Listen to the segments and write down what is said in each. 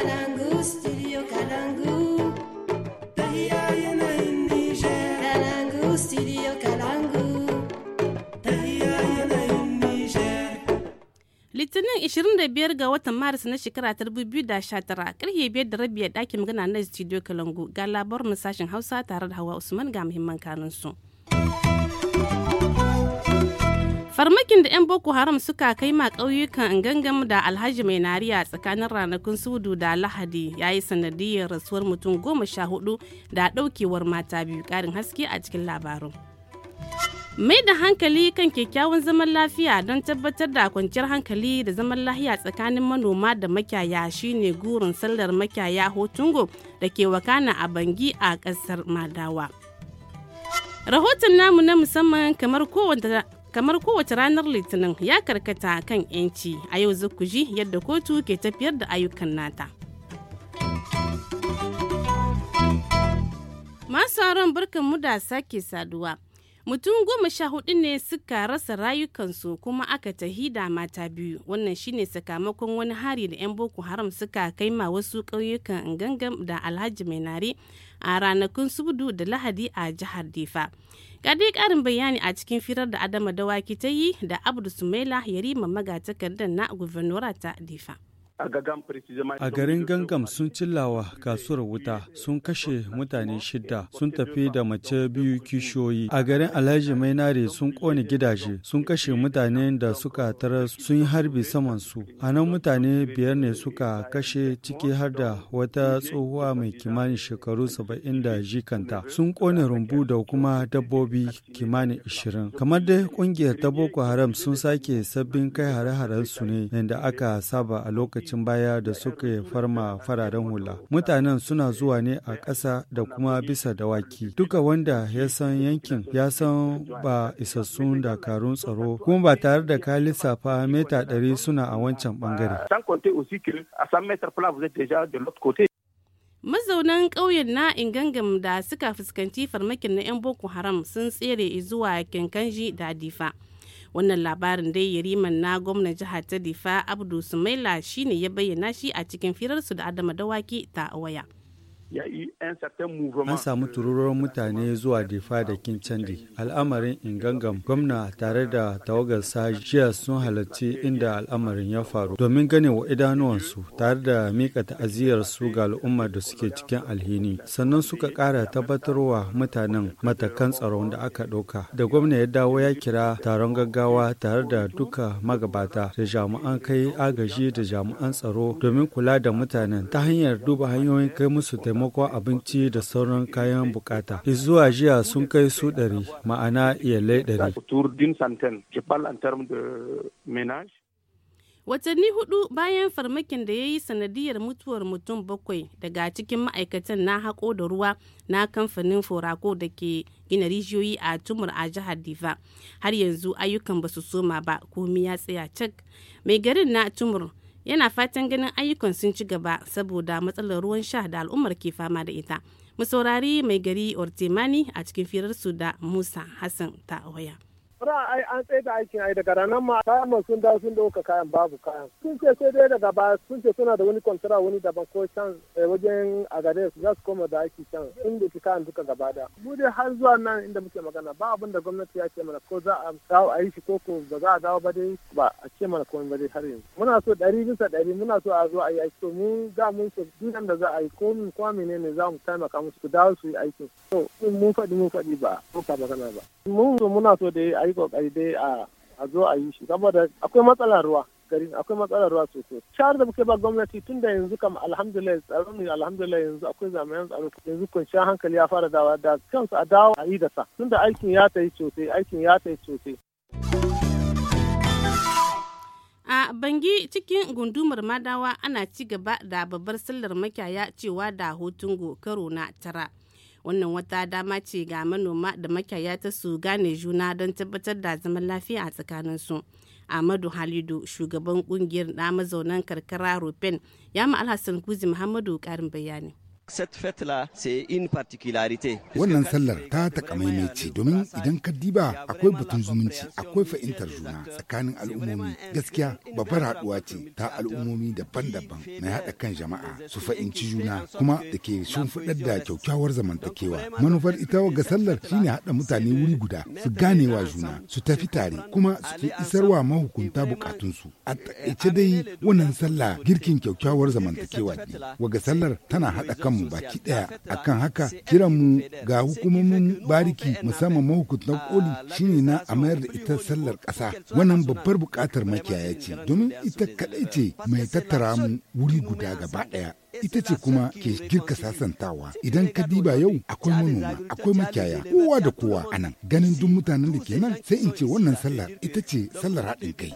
Kalangu, studio Kalangu. Kalangu, studio Kalangu. Litinin 25 ga watan Maris na shekara ta 2019 karfe 5 da rabi ɗakin magana na studio Kalangu ga labarin sashen Hausa tare da Hawa Usman ga muhimman kanunsu. su. farmakin da 'yan boko haram suka kai ma ƙauyukan gangam da alhaji mai nariya tsakanin ranakun sudu da lahadi ya yi sanadiyar rasuwar mutum goma sha hudu da ɗaukewar mata biyu ƙarin haske a cikin labarun. mai da hankali kan kyakkyawan zaman lafiya don tabbatar da kwanciyar hankali da zaman lafiya tsakanin manoma da makyaya shine gurin sallar makyaya hotungo da ke wakana a bangi a ƙasar madawa rahoton namu na musamman kamar kowace kamar kowace ranar litinin ya karkata kan 'yanci a yau zukuji yadda kotu ke tafiyar da ayyukan nata masu auren barkan mu da sake saduwa mutum goma sha hudu ne suka rasa rayukansu kuma aka tahi da mata biyu wannan shine sakamakon wani hari da 'yan boko haram suka kai ma wasu ƙauyukan gangan da alhaji mai nare a ranakun subdu da lahadi a jihar difa ga dai karin bayani a cikin firar da adama dawaki ta yi da abdu sumaila yarima magatakardar na gubernura ta difa A garin Gangam sun cillawa kasuwar wuta, sun kashe mutane shida, sun tafi da mace biyu kishiyoyi. A garin Alhaji Mainare sun kone gidaje, sun kashe mutane da suka tarar sun yi harbi samansu. A nan mutane biyar ne suka kashe ciki har da wata tsohuwa mai kimanin shekaru saba'in da jikanta. Sun kone rumbu da kuma dabbobi kimanin ishirin. Kamar dai ƙungiyar ta Boko Haram sun sake sabbin kai hare-haren su ne, yadda aka saba a lokacin rikicin baya da suka farma fararen hula. Mutanen suna zuwa ne a ƙasa da kuma bisa dawaki. Duka wanda ya san yankin ya san ba isassun dakarun tsaro kuma ba tare da ka lissafa mita ɗari suna a wancan ɓangare. Mazaunan ƙauyen na Ingangam da suka fuskanci farmakin na 'yan Boko Haram sun tsere zuwa Kinkanji da Difa. wannan labarin dai yariman na gwamnan jihar ta difa abdu sumaila shine ya bayyana shi a cikin firarsu da adama dawaki ta waya. An samu tururuwar mutane zuwa Defa da Kincandi. Al'amarin Ingangam gwamna tare da tawagar sajiya sun halarci inda al'amarin ya faru domin gane wa idanuwansu tare da mika su ga al'umma da suke cikin alhini. Sannan suka ƙara tabbatarwa mutanen matakan tsaron da aka ɗauka. Da gwamna ya dawo ya kira taron gaggawa tare da duka magabata da jami'an kai agaji da jami'an tsaro domin kula da mutanen ta hanyar duba hanyoyin kai musu taimako sakamakon abinci da sauran kayan bukata. Zuwa jiya sun kai su ɗari, ma'ana iyalai ɗari. Watanni hudu bayan farmakin da ya yi sanadiyar mutuwar mutum bakwai daga cikin ma'aikatan na haƙo da ruwa na kamfanin Forako da ke gina rijiyoyi a tumur a jihar Diva. Har yanzu ayyukan ba su soma ba, komi ya tsaya cak. Mai garin na tumur yana fatan ganin ayyukan sun ci gaba saboda matsalar ruwan sha da al'ummar ke fama da ita mu mai gari ortemani a cikin firarsu da musa hassan ta waya. ra ai an tsaye da aikin ai daga ranar ma kayan man sun dawo sun dauka kayan babu kayan sun ce sai dai daga baya sun ce suna da wani kwantara wani daban ko can eh, wajen su za su koma da aiki can Sun da kayan duka gaba da mu dai har zuwa nan inda muke magana ba abin da gwamnati ya ce mana ko za a dawo a yi shi ko ko ba za a dawo ba dai ba a ce mana komai ba dai har yanzu muna so ɗari bisa ɗari muna so a zo a yi aiki to mu za mun so dukkan da za a yi ko min ko menene za mu taimaka musu ku dawo su yi aiki to mun faɗi mun faɗi ba ko ka magana ba mun muna so da yi kokari dai a zo a yi shi saboda akwai matsalar ruwa gari akwai matsalar ruwa sosai shahar da muke ba gwamnati tun da yanzu kam alhamdulillah tsaro ne alhamdulillah yanzu akwai zamanin tsaro yanzu kwanciyar hankali ya fara dawa da kansu a dawo a yi da sa tun da aikin ya ta yi sosai aikin ya ta yi sosai a bangi cikin gundumar madawa ana ci gaba da babbar sallar makiyaya cewa da hotungo karo na tara wannan wata dama ce ga manoma da makiyaya ta su gane juna don tabbatar da zaman lafiya a tsakanin su ahmadu halidu shugaban kungiyar da mazaunan karkara Rufin ya ma alhassan kuzi muhammadu karin bayani Wannan sallar ta takamaimai ce domin idan ka diba akwai batun zumunci akwai fahimtar juna tsakanin al'ummomi gaskiya babbar haɗuwa ce ta al'ummomi daban-daban na haɗa kan jama'a su fahimci juna kuma da ke fadar da kyaukyawar zamantakewa manufar ita ga sallar shine haɗa mutane wuri guda su ganewa juna su tafi tare kuma su ke wa mahukunta bukatunsu a taƙaice dai wannan sallah girkin kyaukyawar zamantakewa ne waga sallar tana haɗa kan mu baki daya kan haka kiran mu ga hukumomin bariki musamman mahukuntan koli shine na a mayar da ita sallar ƙasa. wannan babbar bukatar makiyaya ce domin ita kadai ce mai tattara mu wuri guda gaba daya eh, ita ce kuma ke girka sasantawa idan ka diba yau akwai manoma akwai makiyaya kowa da kowa a nan ganin duk mutanen da ke nan sai in ce wannan sallar ita ce sallar haɗin kai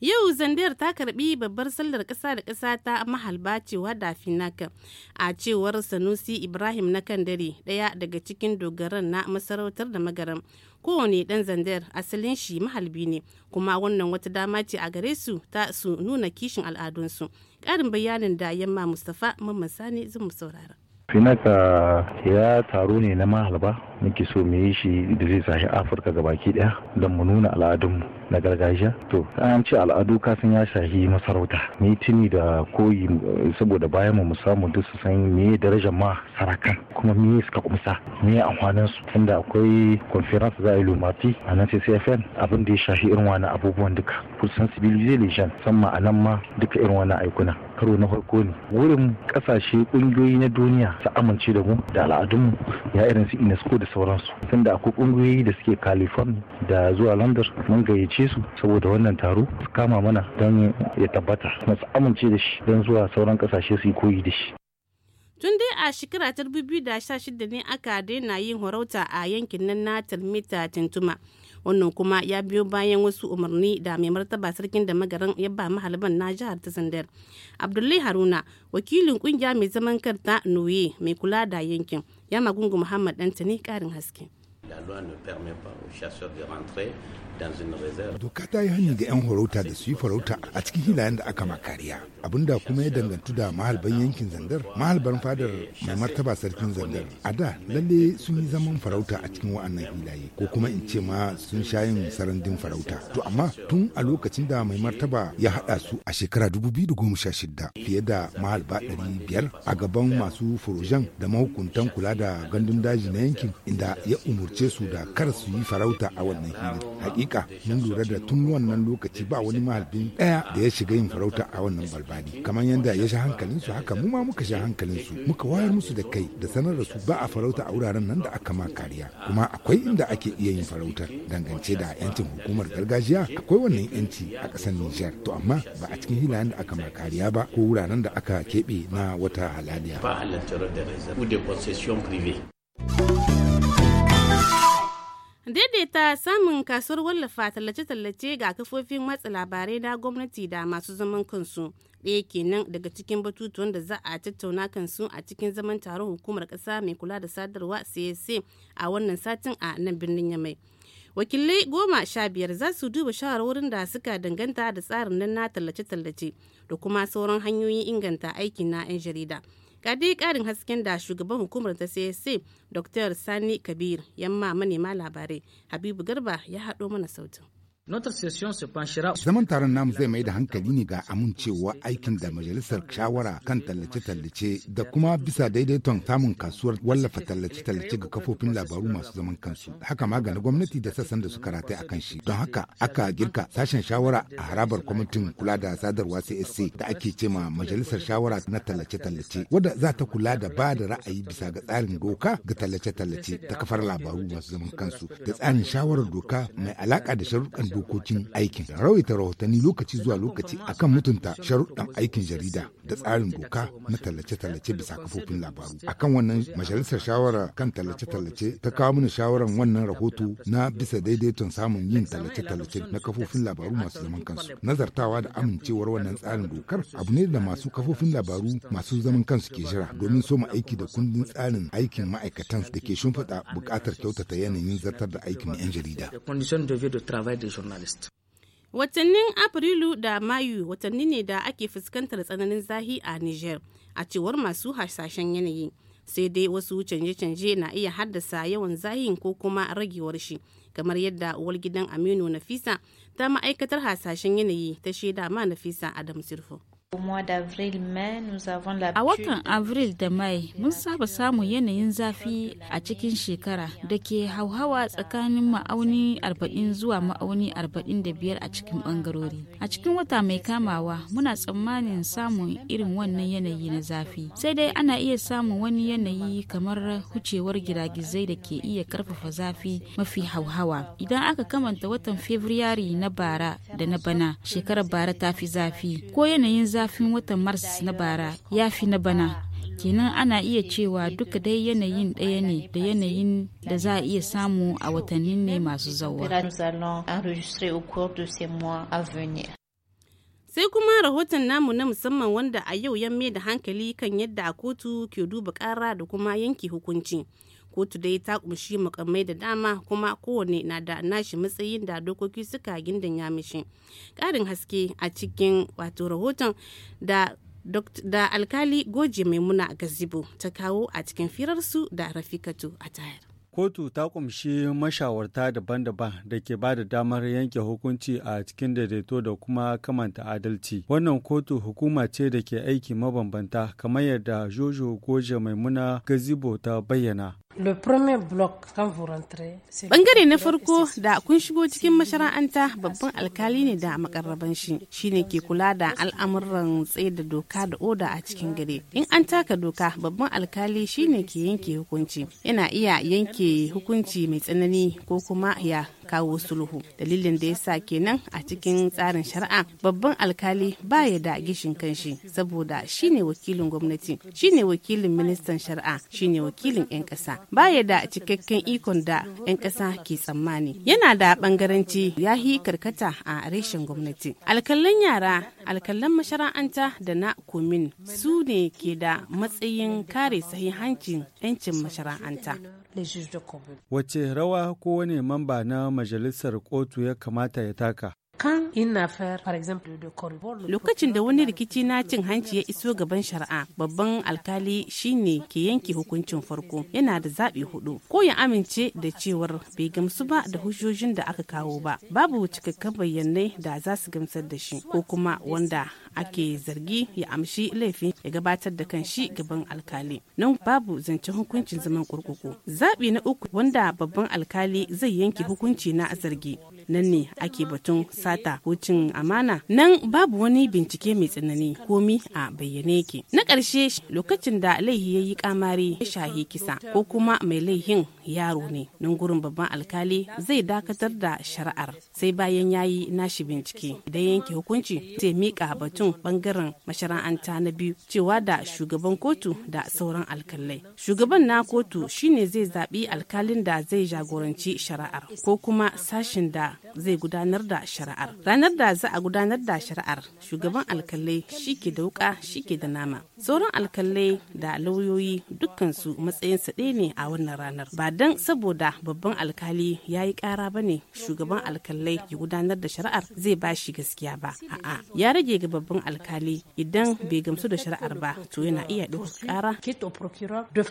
Yau Zandiyar ta karbi babbar sallar kasa da kasa ta mahalba cewa da finaka a cewar Sanusi Ibrahim na kan dare ɗaya daga cikin dogaran na masarautar da magaram. Kowane dan Zandiyar asalin shi mahalbi ne kuma wannan wata dama ce a gare su ta su nuna kishin al'adunsu. karin bayanin da yamma Mustapha Mamman Sani zan mu saurara. finaka ya taro ne na mahalba nake so mu yi shi da zai sashi afirka ga baki daya don mu nuna al'adunmu na gargajiya to an ce al'adu kasan ya shahi masarauta ni tuni da koyi saboda bayan mu samu duk su san me darajar ma sarakan kuma me suka kumsa me amfanin su tunda akwai conference za a yi lumati a nan CCFN abin da ya shahi irin wani abubuwan duka kusan civilization musamman a nan ma duka irin wani aikuna karo na farko ne wurin kasashe kungiyoyi na duniya ta amince da mu da al'adunmu ya irin su UNESCO da sauransu tunda akwai ƙungiyoyi da suke California da zuwa London mun gayyace su saboda wannan taro su kama mana don ya tabbata kuma su amince da shi don zuwa sauran kasashe su yi koyi da shi tun dai a shekara ta 2016 ne aka daina yin horauta a yankin nan na talmita tintuma wannan kuma ya biyo bayan wasu umarni da mai martaba sarkin da magaran ya ba mahalban na jihar ta zandar abdullahi haruna wakilin kungiya mai zaman karta noye mai kula da yankin ya magungu muhammad dantani karin haske La loi Doka ta yi hani da 'yan farauta da su yi farauta a cikin hilayen da aka makariya. da kuma ya dangantu da mahalban yankin zandar, mahalban fadar mai martaba sarkin zandar. A da lalle sun yi zaman farauta a cikin wa'annan hilaye ko kuma in ce ma sun sha yin sarandin farauta. To amma tun a lokacin da mai martaba ya haɗa su a shekara shidda fiye da mahalba biyar a gaban masu furojan da mahukuntan kula da gandun daji na yankin inda ya umurce su da kar su yi farauta a wannan filin. hakika mun lura da tun wannan lokaci ba wani mahalbin ɗaya da ya shiga yin farauta a wannan balbali kamar yadda ya sha su haka mu ma muka sha su muka wayar musu da kai da sanar da su ba a farauta a wuraren nan da aka ma kariya kuma akwai inda ake iya yin farautar dangance da yancin hukumar gargajiya akwai wannan yanci a ƙasar Nijar to amma ba a cikin hilayen da aka ma kariya ba ko wuraren da aka keɓe na wata halaliya. daidaita samun kasuwar wallafa tallace-tallace ga kafofin watsa labarai na gwamnati da masu zaman kansu ɗaya kenan daga cikin batutuwan da za a tattauna kansu a cikin zaman taron hukumar ƙasa mai kula da sadarwa csa a wannan satin a nan birnin yamai wakilai goma sha biyar za su duba shawarwarin da suka danganta da tsarin nan na tallace-tallace da kuma sauran hanyoyin inganta aiki na 'yan jarida kadi ƙarin karin hasken da shugaban hukumar ta sai dr sani kabir yamma manema labarai habibu garba ya haɗo mana sautin Zaman taron namu zai mai da hankali ne ga amincewa aikin da majalisar shawara kan tallace-tallace da kuma bisa daidaiton samun kasuwar wallafa tallace-tallace ga kafofin labaru masu zaman kansu. Haka ma gwamnati da sassan da suka rataye akan shi. Don haka aka girka sashen shawara a harabar kwamitin kula da sadarwa CSC da ake ce ma majalisar shawara na tallace-tallace wadda za ta kula da ba da ra'ayi bisa ga tsarin doka ga tallace-tallace ta kafar labaru masu zaman kansu da tsarin shawarar doka mai alaka da sharuɗan dokokin aikin rawaita rahotanni lokaci zuwa lokaci akan mutunta sharuɗan aikin jarida da tsarin doka na tallace-tallace bisa kafofin labaru akan wannan majalisar shawara kan tallace-tallace ta kawo mana shawarar wannan rahoto na bisa daidaiton samun yin tallace-tallace na kafofin labaru masu zaman kansu nazartawa da amincewar wannan tsarin dokar abu ne da masu kafofin labaru masu zaman kansu ke jira domin soma aiki da kundin tsarin aikin ma'aikatan da ke shimfiɗa buƙatar kyautata yanayin zartar da aikin 'yan jarida. journalist. Watannin Afrilu da Mayu watanni ne da ake fuskantar tsananin zahi a Niger a cewar masu hasashen yanayi. Sai dai wasu canje-canje na iya haddasa yawan zahin ko kuma ragewar shi, kamar yadda uwar gidan Aminu Nafisa ta ma'aikatar hasashen yanayi ta shaida ma Nafisa Adam Sirfo. A watan Avril da Mai mun saba samun yanayin zafi a cikin shekara da ke hauhawa tsakanin ma'auni 40 zuwa ma'auni 45 a cikin bangarori. A cikin wata mai kamawa muna tsammanin samun irin wannan yanayi na zafi. Sai dai ana iya samun wani yanayi kamar hucewar giragizai da ke iya karfafa zafi mafi hauhawa. Idan aka kamanta watan Fabrairu na bara da na bana, shekarar bara ta fi zafi ko yanayin zafi zafin watan mars na bara ya fi na bana kenan ana iya cewa duka dai yanayin ɗaya ne da yanayin da za a iya samu a watannin ne masu zawa. sai kuma rahoton namu na musamman wanda a yau ya da hankali kan yadda a kotu ke duba kara da kuma yanke hukunci kotu dai ta kumshi mukammai da dama kuma kowane na da nashi matsayin da dokoki suka gindin ya mishi ƙarin haske a cikin wato rahoton da da alkali goje maimuna gazibo ta kawo a cikin firarsu da rafikatu a tayar kotu ta kumshi mashawarta daban-daban da ke ba da damar yanke hukunci a cikin daidaito da kuma kamanta adalci wannan kotu hukuma ce da ke aiki mabambanta kamar yadda jojo goje maimuna gazibo ta bayyana Bangare na farko da kun shigo cikin mashara'anta babban alkali ne da makarraban shi shine ke kula da al'amuran tsaye da doka da oda a cikin gare In an taka doka babban alkali shine ke yanke hukunci. Yana iya yanke hukunci mai tsanani ko kuma ya kawo sulhu. Dalilin da ya sa kenan a cikin tsarin shari'a babban alkali baya da gishin kanshi saboda shine wakilin gwamnati, shine wakilin ministan shari'a, shine wakilin 'yan ƙasa. baya da cikakken ikon da 'yan ƙasa ke tsammani yana da ɓangaranci. ya yi karkata a reshen gwamnati alkalan yara alkalan mashara'anta da na komin su ne ke da matsayin kare sahihancin 'yancin mashara'anta wace rawa kowane mamba na majalisar kotu ya kamata ya taka Lokacin da wani rikici na cin hanci ya iso gaban shari'a, babban alkali shine ke yanke hukuncin farko. Yana da zaɓi hudu. Ko ya amince da cewar bai gamsu ba da hujjojin da aka kawo ba. Babu cikakken bayyanai da za su gamsar da shi, ko kuma wanda ake zargi ya amshi laifin ya gabatar da kan shi gaban alkali nan babu zancen hukuncin zaman kurkuku Zabi na uku wanda babban alkali zai yanke hukunci na zargi nan ne ake batun sata ko cin amana nan babu wani bincike mai tsanani komi a bayyane yake na ƙarshe lokacin da laihi ya yi kamari ya shahi kisa ko kuma mai laihin yaro ne nan gurin babban alkali zai dakatar da shari'ar sai bayan yayi nashi bincike idan yanke hukunci zai mika batun bangaren mashara'anta na biyu cewa da shugaban kotu da sauran alkalai shugaban na kotu shine zai zaɓi alkalin da zai jagoranci shari'ar ko kuma sashin da zai gudanar da shari'ar ranar da za a gudanar da shari'ar shugaban alkalai shi ke da wuka shi ke da nama sauran alkalai da lauyoyi dukansu matsayinsa ɗaya ne a wannan ranar ba don saboda babban alkali ya yi kara ba ne shugaban alkalai ya gudanar da shari'ar zai ba shi gaskiya ba a'a ya rage ga babban alkali idan bai gamsu da shari'ar ba to yana iya ɗaukar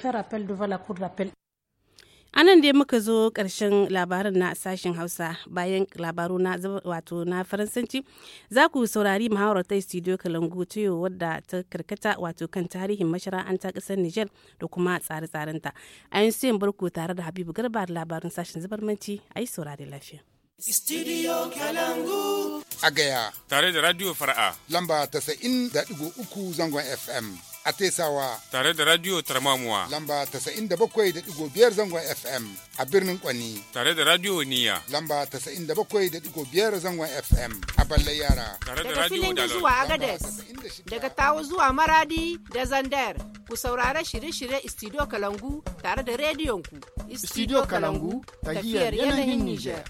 kara anan dai muka zo ƙarshen labarin na sashen hausa bayan labaru na wato na faransanci za ku saurari muhawarar ta studio kalangu tuyo wadda ta karkata wato kan tarihin mashara'anta ƙasar niger da kuma tsare-tsarenta a yin sayan barko tare da habibu garba da labarin sashen zubarmanci a yi saurari lafiya Studio Kalangu. A gaya. Tare da Radio Fara'a. Lamba 90.3 zangon FM. a Tesawa. Tare da Radio taramamuwa Lamba 97.5 zangon FM a birnin Kwani. Tare da Radio Niya. Lamba 97.5 zangon FM a Balle Yara. Tare da Radio Daga zuwa Agades. Daga Tawo zuwa Maradi da zander Ku saurara shirye-shirye Studio Kalangu tare da rediyonku. Studio Kalangu tafiyar yanayin Niger.